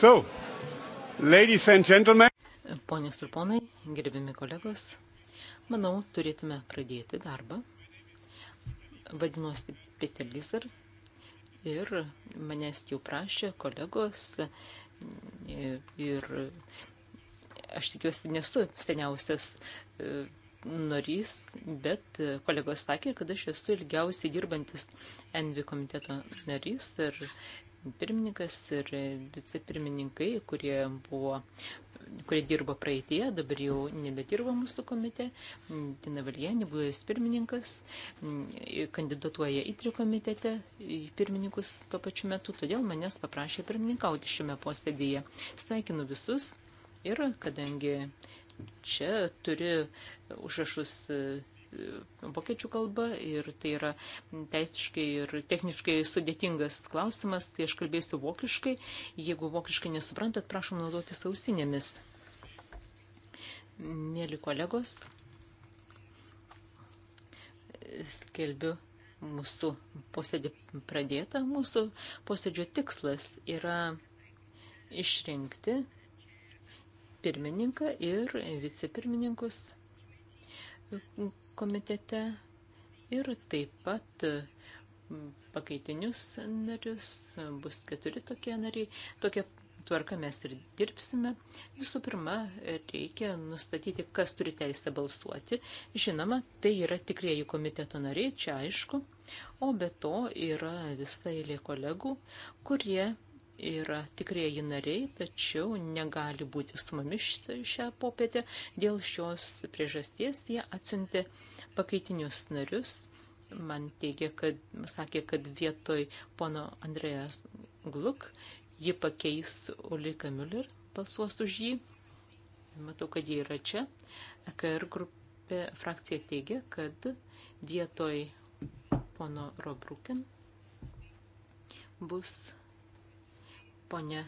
So, ladies and gentlemen. Ponios ir ponai, gerbimi kolegos, manau, turėtume pradėti darbą. Vadinuosi Peter Lizar ir manęs jau prašė kolegos ir aš tikiuosi nesu seniausias e, narys, bet kolegos sakė, kad aš esu ilgiausiai dirbantis Envi komiteto narys ir pirmininkas ir vicepirmininkai, kurie buvo kurie dirbo praeitie, dabar jau nebedirba mūsų komite. Dina Valjani, buvęs pirmininkas, kandidatuoja į trikomitete, į pirmininkus tuo pačiu metu, todėl manęs paprašė pirmininkauti šiame posėdėje. Sveikinu visus ir kadangi čia turi užrašus E, vokiečių kalba ir tai yra teisiškai ir techniškai sudėtingas klausimas, tai aš kalbėsiu vokiškai. Jeigu vokiškai nesuprantat, prašom naudoti sausinėmis. Mėly kolegos, skelbiu mūsų posėdį pradėtą. Mūsų posėdžio tikslas yra išrinkti pirmininką ir vicepirmininkus komitete ir taip pat pakaitinius narius, bus keturi tokie nariai, tokia tvarka mes ir dirbsime. Visų pirma, reikia nustatyti, kas turi teisę balsuoti. Žinoma, tai yra tikrieji komiteto nariai, čia aišku, o be to yra visa eilė kolegų, kurie yra tikrieji nariai, tačiau negali būti su mumis šią popietę. Dėl šios priežasties jie atsiuntė pakaitinius narius. Man teigia, kad sakė, kad vietoj pono Andrėjas Gluk ji pakeis Ulika Müller, balsuos už jį. Matau, kad ji yra čia. EKR grupė frakcija teigia, kad vietoj pono Robruken bus ponia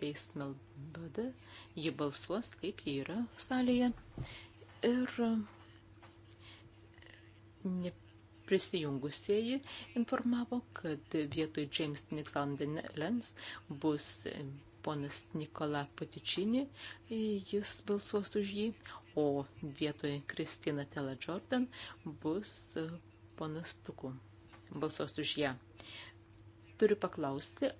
Deismelbada, ji balsuos, kaip ji yra salėje. Ir neprisijungusieji informavo, kad vietoj James Nixon Lens bus ponas Nikola Patičini, jis balsuos už jį, o vietoje Kristina Tela Jordan bus ponas Tuku, balsuos už ją. Turiu paklausti,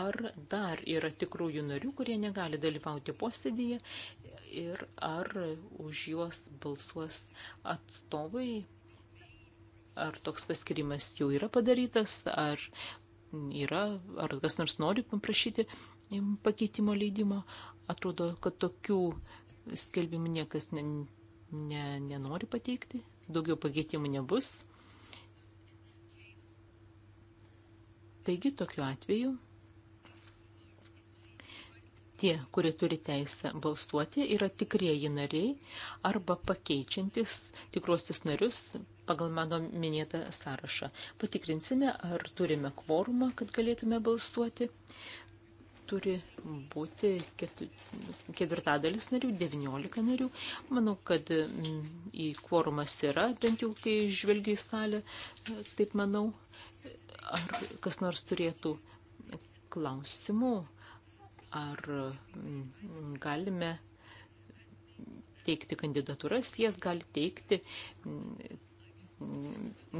ar dar yra tikrųjų narių, kurie negali dalyvauti posėdėje ir ar už juos balsuos atstovai, ar toks paskirimas jau yra padarytas, ar, yra, ar kas nors nori paprašyti pakeitimo leidimo. Atrodo, kad tokių skelbimų niekas ne, ne, nenori pateikti, daugiau pakeitimų nebus. Taigi tokiu atveju tie, kurie turi teisę balsuoti, yra tikrieji nariai arba pakeičiantis tikruosius narius pagal mano minėtą sąrašą. Patikrinsime, ar turime kvorumą, kad galėtume balsuoti. Turi būti ketvirtadalis narių, 19 narių. Manau, kad mm, į kvorumas yra, bent jau kai žvelgiu į salę, taip manau. Ar kas nors turėtų klausimų? ar mm, galime teikti kandidatūras, jas gali teikti mm,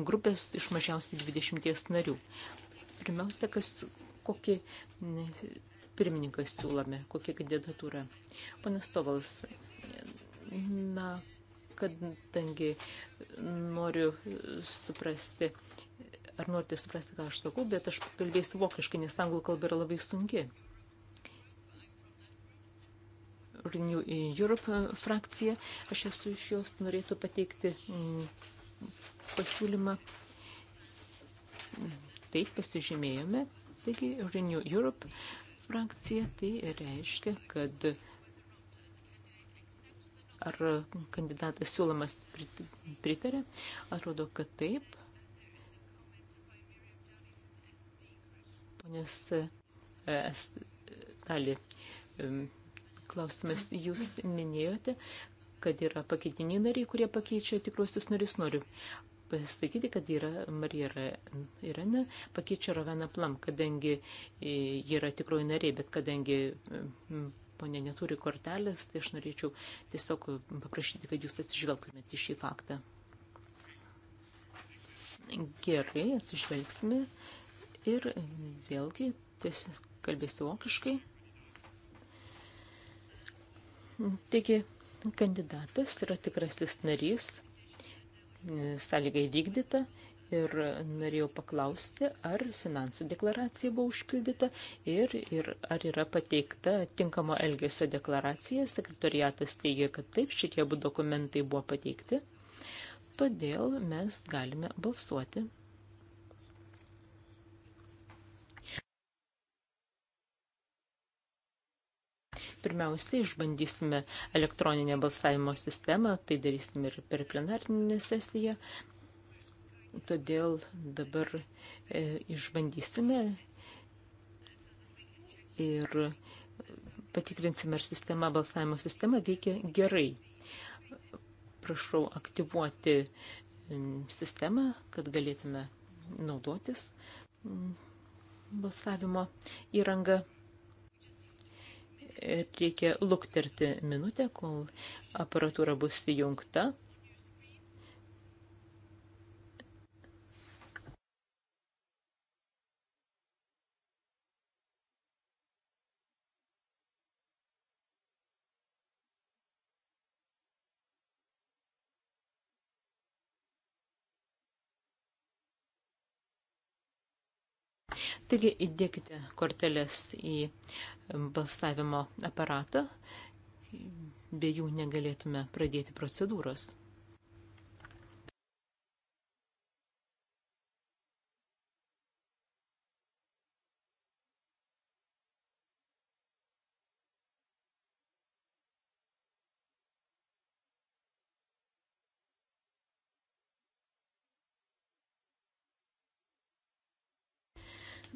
grupės iš mažiausiai 20 narių. Pirmiausia, kas, kokį mm, pirmininką siūlome, kokią kandidatūrą. Panas Tovalas, na, kadangi noriu suprasti, ar norite suprasti, ką aš sakau, bet aš kalbėsiu vokiškai, nes anglų kalba yra labai sunki. Renew Europe e, frakcija. Aš esu iš jos, norėtų pateikti pasiūlymą. Taip pasižymėjome. Taigi Renew Europe frakcija tai reiškia, kad ar kandidatas siūlomas pritarė. Atrodo, kad taip. Ponės Estalį. E, e klausimas. Jūs minėjote, kad yra pakeitiniai nariai, kurie pakeičia tikruosius narius. Noriu pasakyti, kad yra Marija Irena pakeičia Rovena Plam, kadangi e, ji yra tikroji nariai, bet kadangi ponė neturi kortelės, tai aš norėčiau tiesiog paprašyti, kad jūs atsižvelgtumėte į šį faktą. Gerai, atsižvelgsime ir vėlgi tiesiog kalbėsiu vokiškai. Taigi, kandidatas yra tikrasis narys, sąlygai vykdyta ir norėjau paklausti, ar finansų deklaracija buvo užpildyta ir, ir ar yra pateikta tinkamo elgesio deklaracija. Sekretariatas teigia, kad taip, šitie abu dokumentai buvo pateikti. Todėl mes galime balsuoti. Pirmiausia, išbandysime elektroninę balsavimo sistemą, tai darysime ir per plenarinę sesiją. Todėl dabar e, išbandysime ir patikrinsime, ar sistema, balsavimo sistema veikia gerai. Prašau aktyvuoti sistemą, kad galėtume naudotis balsavimo įrangą. Reikia lukterti minutę, kol aparatūra bus įjungta. Taigi įdėkite korteles į balsavimo aparatą, be jų negalėtume pradėti procedūros.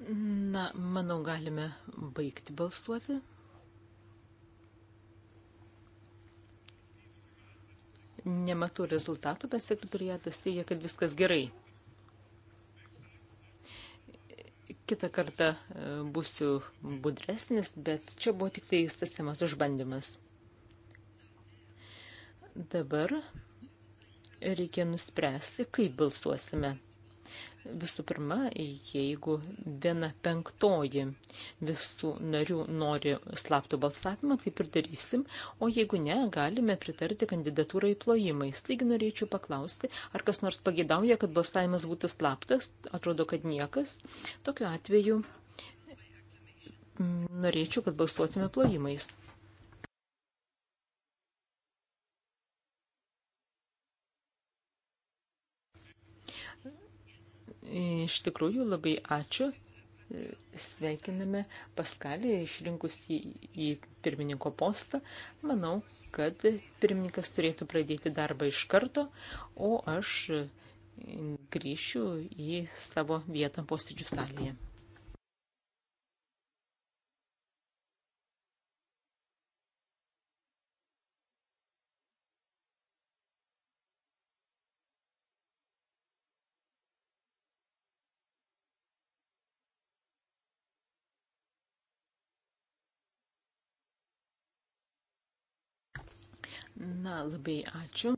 Na, manau, galime baigti balsuoti. Nematau rezultatų, bet sekretoriatas teigia, kad viskas gerai. Kita kartą e, būsiu budresnis, bet čia buvo tik tai sistemos išbandymas. Dabar reikia nuspręsti, kaip balsuosime. Visų pirma, jeigu viena penktoji visų narių nori slapto balsavimą, taip ir darysim, o jeigu ne, galime pritarti kandidatūrai plojimais. Taigi norėčiau paklausti, ar kas nors pagėdauja, kad balsavimas būtų slaptas, atrodo, kad niekas. Tokiu atveju mm, norėčiau, kad balsuotume plojimais. Iš tikrųjų, labai ačiū. Sveikiname Paskalį išrinkus į, į pirmininko postą. Manau, kad pirmininkas turėtų pradėti darbą iš karto, o aš grįšiu į savo vietą posėdžių salėje. Na, labai ačiū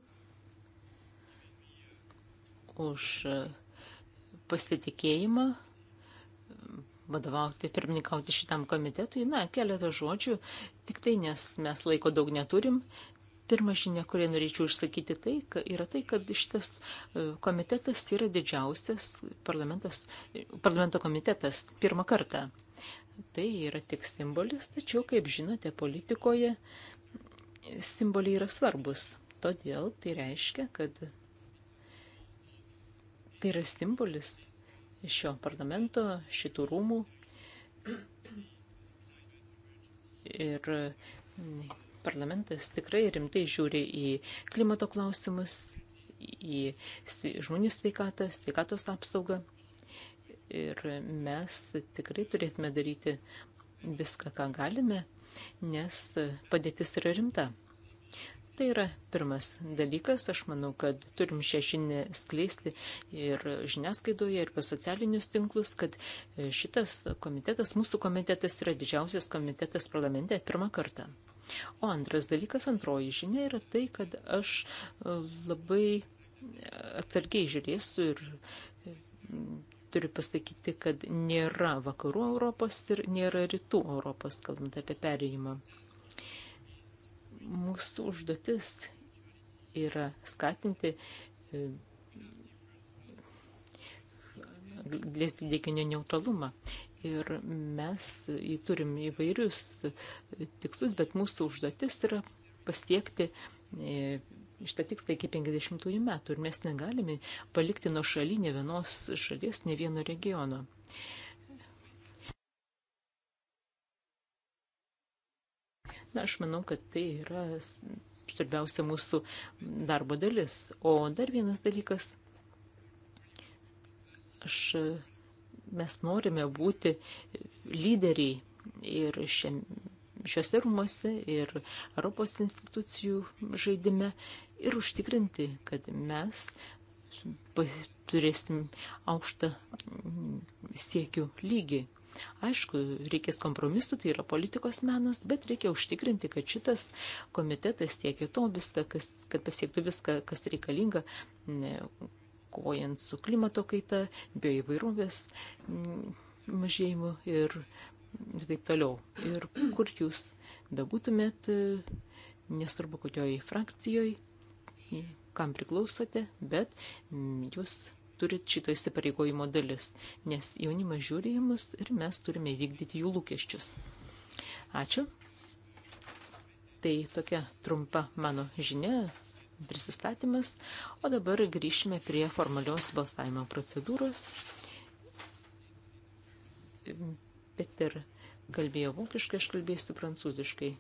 už pasitikėjimą vadovauti, pirmininkauti šitam komitetui. Na, keletą žodžių, tik tai, nes mes laiko daug neturim. Pirma žinia, kurią norėčiau išsakyti, tai yra tai, kad šitas e, komitetas yra didžiausias parlamento komitetas pirmą kartą. Tai yra tik simbolis, tačiau, kaip žinote, politikoje simboliai yra svarbus. Todėl tai reiškia, kad tai yra simbolis šio parlamento, šitų rūmų. Ir parlamentas tikrai rimtai žiūri į klimato klausimus, į žmonių sveikatą, sveikatos apsaugą. Ir mes tikrai turėtume daryti viską, ką galime, nes padėtis yra rimta. Tai yra pirmas dalykas, aš manau, kad turim šią žinią skleisti ir žiniasklaidoje, ir per socialinius tinklus, kad šitas komitetas, mūsų komitetas yra didžiausias komitetas parlamente pirmą kartą. O antras dalykas, antroji žinia yra tai, kad aš e, labai atsargiai žiūrėsiu ir turiu pasakyti, kad nėra vakarų Europos ir nėra rytų Europos, kalbant apie perėjimą. Mūsų užduotis yra skatinti anglės e, dvideginio neutralumą. Ir mes turim įvairius tikslus, bet mūsų užduotis yra pasiekti e, šitą tikslą iki 50 metų ir mes negalime palikti nuo šaly ne vienos šalies, ne vieno regiono. Na, aš manau, kad tai yra svarbiausia mūsų darbo dalis. O dar vienas dalykas, aš, mes norime būti lyderiai ir šiame šiuose rūmose ir Europos institucijų žaidime ir užtikrinti, kad mes turėsim aukštą mm, siekių lygį. Aišku, reikės kompromisų, tai yra politikos menas, bet reikia užtikrinti, kad šitas komitetas siekia to viską, kas, kad pasiektų viską, kas reikalinga, ne, kojant su klimato kaita, bioįvairovės mm, mažėjimu ir taip toliau. Ir kur jūs bebūtumėt, nesvarbu kokioj frakcijoje, kam priklausote, bet jūs turit šito įsipareigojimo dalis, nes jaunimas žiūri į mus ir mes turime vykdyti jų lūkesčius. Ačiū. Tai tokia trumpa mano žinia, prisistatymas, o dabar grįšime prie formalios balsavimo procedūros. Peter kalbėjo vokiškai, aš kalbėsiu prancūziškai.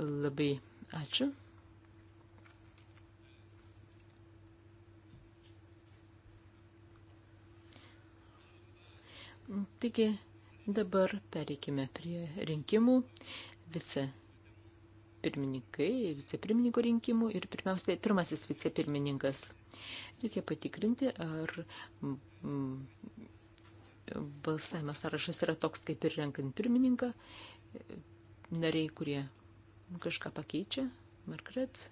Labai ačiū. Taigi dabar pereikime prie rinkimų vice pirmininkai, vicepirmininko rinkimų ir pirmiausia, pirmasis vicepirmininkas. Reikia patikrinti, ar mm, balsavimo sąrašas yra toks, kaip ir renkant pirmininką. Nariai, kurie kažką pakeičia, Margaret.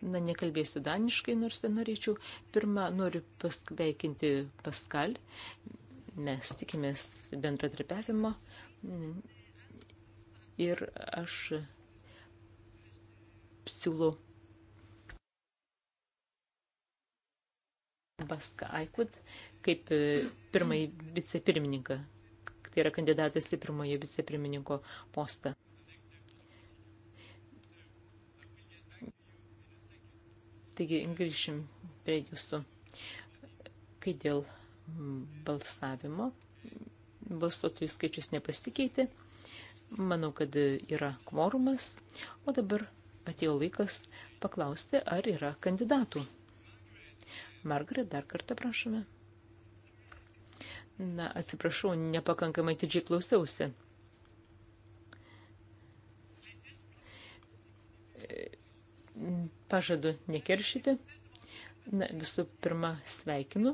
Na, nekalbėsiu daniškai, nors norėčiau. Pirmą noriu pasveikinti Paskal. Mes tikimės bendradarbiavimo. Ir aš siūlau Baską Aikut kaip e, pirmąjį vicepirmininką. Tai yra kandidatas į pirmojo vicepirmininko postą. Taigi grįšim prie jūsų. Kai dėl balsavimo balsuotojų skaičius nepasikeitė, manau, kad yra kvorumas, o dabar atėjo laikas paklausti, ar yra kandidatų. Margaret, dar kartą prašome. Na, atsiprašau, nepakankamai didžiai klausiausi. pažadu nekeršyti. Na, visų pirma, sveikinu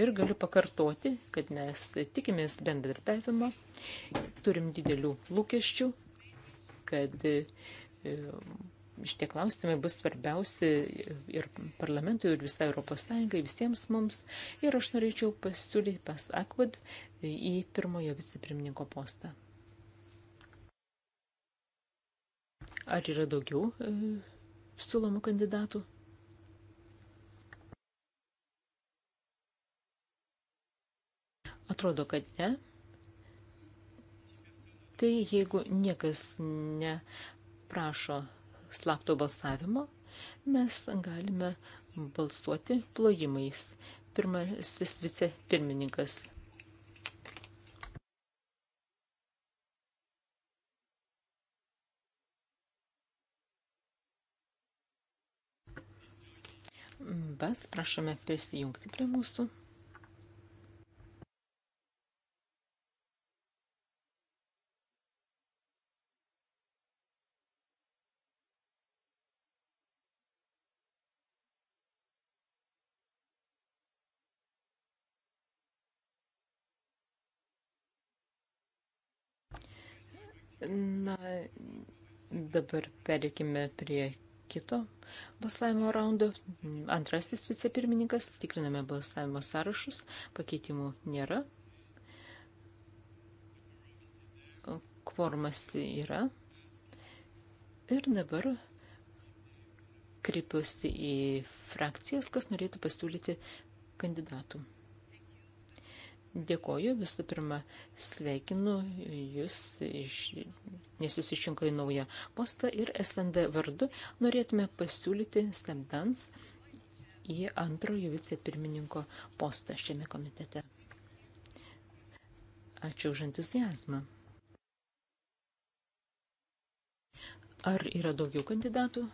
ir galiu pakartoti, kad mes tikimės bendradarbiavimo, turim didelių lūkesčių, kad e, šitie klausimai bus svarbiausi ir parlamentui, ir visai Europos Sąjungai, visiems mums. Ir aš norėčiau pasiūlyti pas Akvad į pirmojo vicepirmininko postą. Ar yra daugiau e, siūlomų kandidatų. Atrodo, kad ne. Tai jeigu niekas neprašo slapto balsavimo, mes galime balsuoti plojimais. Pirmasis vicepirmininkas Bas, prašome prisijungti prie mūsų. Na, dabar perikime prie kito balsavimo raundo. Antrasis vicepirmininkas, tikriname balsavimo sąrašus, pakeitimų nėra. Kvormas yra. Ir dabar kreipiuosi į frakcijas, kas norėtų pasiūlyti kandidatų. Dėkoju visų pirma, sveikinu jūs, iš, nes jūs išrinko į naują postą ir SND vardu norėtume pasiūlyti Stemdans į antrojo vicepirmininko postą šiame komitete. Ačiū už entuzijazmą. Ar yra daugiau kandidatų?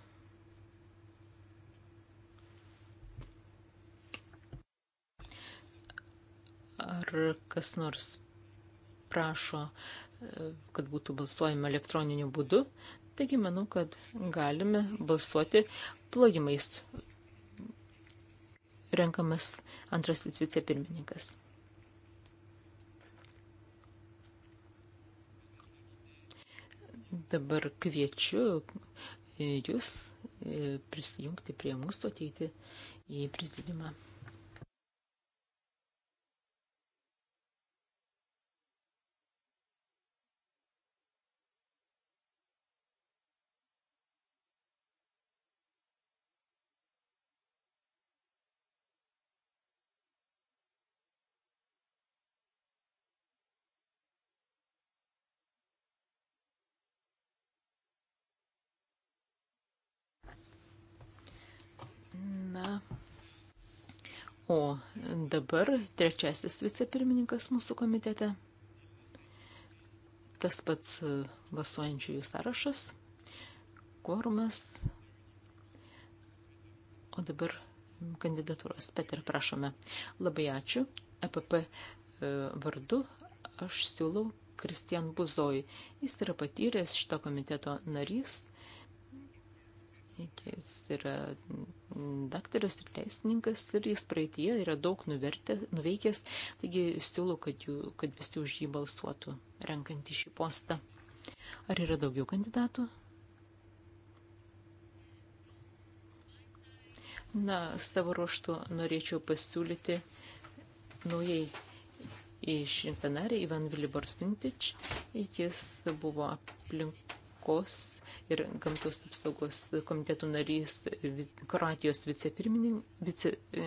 Ar kas nors prašo, e, kad būtų balsuojama elektroniniu būdu? Taigi manau, kad galime balsuoti plojimais. Renkamas antrasis vicepirmininkas. Dabar kviečiu jūs e, prisijungti prie mūsų ateiti į prezidiumą. Na. O dabar trečiasis vicepirmininkas mūsų komitete. Tas pats e, vasuojančiųjų sąrašas, kvorumas. O dabar kandidatūros. Peter, prašome. Labai ačiū. EPP e, vardu aš siūlau Kristian Buzoj. Jis yra patyręs šito komiteto narys. Jis yra daktaras ir teisininkas ir jis praeitie yra daug nuvertė, nuveikęs, taigi siūlau, kad, jų, kad visi už jį balsuotų, renkant į šį postą. Ar yra daugiau kandidatų? Na, savo ruoštų norėčiau pasiūlyti naujai išrinktą narį Ivan Viliborsintič. Jis buvo aplinkos ir gamtos apsaugos komitetų narys Kroatijos vice, e,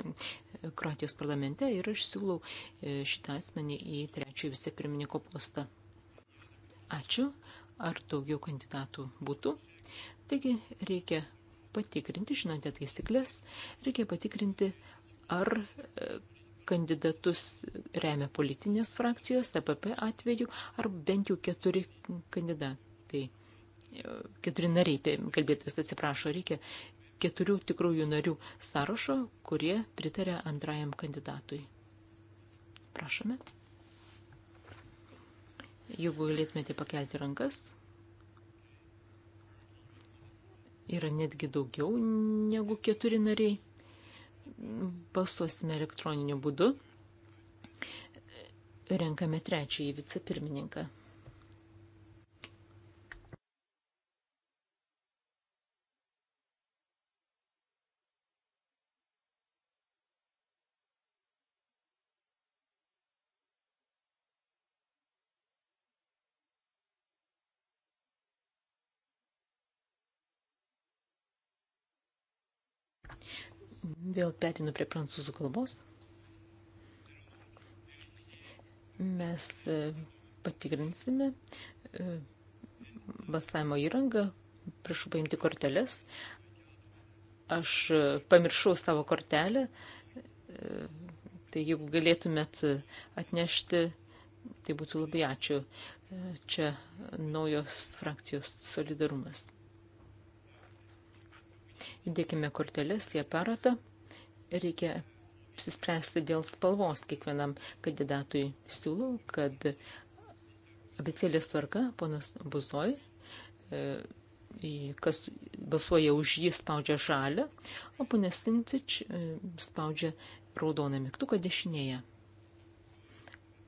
Kroatijos parlamente ir aš siūlau e, šitą asmenį į trečią vicepirmininko postą. Ačiū. Ar daugiau kandidatų būtų? Taigi reikia patikrinti, žinote taisyklės, reikia patikrinti, ar e, kandidatus remia politinės frakcijos, TPP atveju, ar bent jau keturi kandidatai keturi nariai, tai kalbėtojas atsiprašo, reikia keturių tikrųjų narių sąrašo, kurie pritarė antrajam kandidatui. Prašome. Jeigu galėtumėte pakelti rankas, yra netgi daugiau negu keturi nariai. Balsuosime elektroniniu būdu. Renkame trečiąjį vicepirmininką. Vėl perinu prie prancūzų kalbos. Mes e, patikrinsime e, balsavimo įrangą. Prašau paimti korteles. Aš e, pamiršau savo kortelę. Tai jeigu galėtumėt atnešti, tai būtų labai ačiū. Čia naujos frakcijos solidarumas. Įdėkime korteles į aparatą. Reikia apsispręsti dėl spalvos kiekvienam kandidatui. Siūlau, kad abicėlės tvarka, ponas Buzoj, e, kas balsuoja už jį, spaudžia žalę, o ponas Sintič e, spaudžia raudoną mygtuką dešinėje.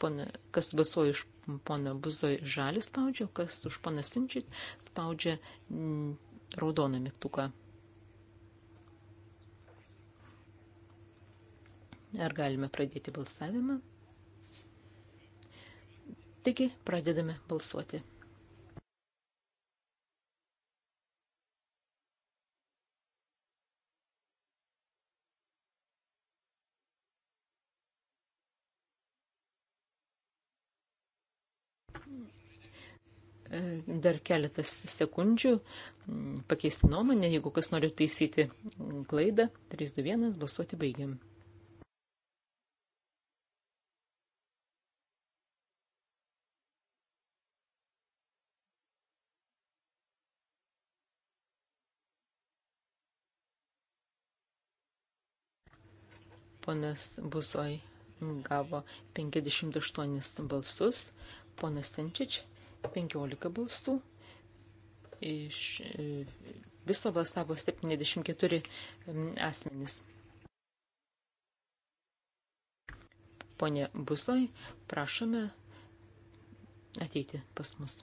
Pone, kas balsuoja už poną Buzoj žalį spaudžia, o kas už poną Sintič spaudžia raudoną mygtuką. Ar galime pradėti balsavimą? Taigi, pradedame balsuoti. E, dar keletas sekundžių mm, pakeisti nuomonę, jeigu kas nori taisyti klaidą, 3, 2, 1, balsuoti baigiam. Ponas Buzoj gavo 58 balsus, ponas Senčič 15 balsų. Iš viso balsavo 74 asmenys. Pone Buzoj, prašome ateiti pas mus.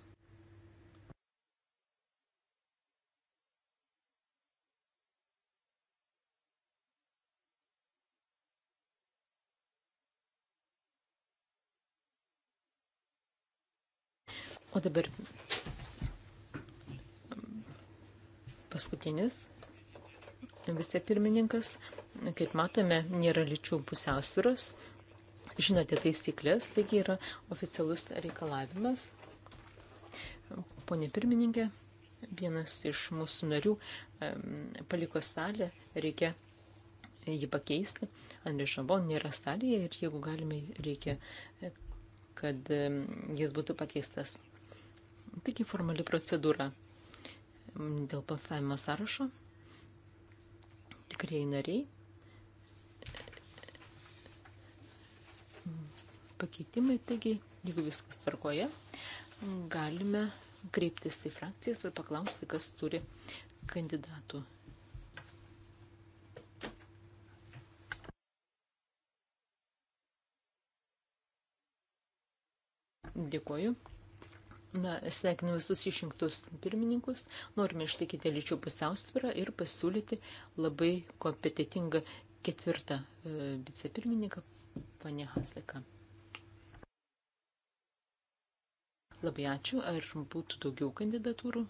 O dabar paskutinis vicepirmininkas, kaip matome, nėra lyčių pusiausvyros. Žinote taisyklės, taigi yra oficialus reikalavimas. Pone pirmininkė, vienas iš mūsų narių paliko salę, reikia jį pakeisti. Andrė Šabon nėra salėje ir jeigu galime, reikia, kad jis būtų pakeistas. Taigi formali procedūra dėl balsavimo sąrašo. Tikrieji nariai. Pakeitimai, taigi, jeigu viskas tvarkoja, galime kreiptis į frakcijas ir paklausti, kas turi kandidatų. Dėkuoju. Na, sveikinu visus išrinktus pirmininkus, norime išlaikyti lyčių pusiausvyrą ir pasiūlyti labai kompetitingą ketvirtą e, vicepirmininką, ponė Haseka. Labai ačiū. Ar būtų daugiau kandidatūrų?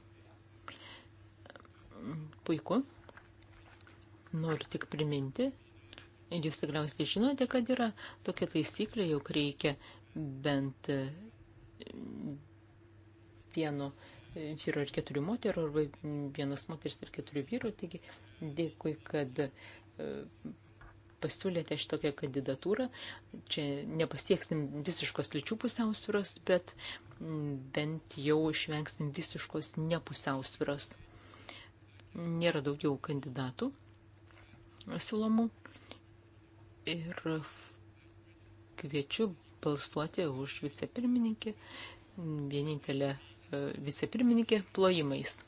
Puiku. Noriu tik priminti, jūs tikriausiai žinote, kad yra tokia taisyklė, jog reikia bent vieno e, vyro ir keturių moterų, arba vienos moteris ir keturių vyrų. Taigi dėkui, kad e, pasiūlėte šitokią kandidatūrą. Čia nepasieksim visiškos lyčių pusiausvyros, bet bent jau išvengsim visiškos nepusiausvyros. Nėra daugiau kandidatų siūlomų ir kviečiu balsuoti už vicepirmininkį vienintelę vicepirmininkė plojimais.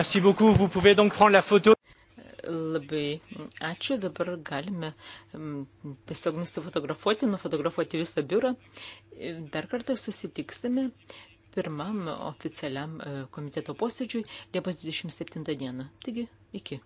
Merci beaucoup, vous pouvez donc prendre la photo. Labai ačiū, dabar galime mm, tiesiog nusifotografuoti, nufotografuoti visą biurą. Dar kartą susitiksime pirmam oficialiam e, komiteto posėdžiui Liepos 27 dieną. Taigi, iki.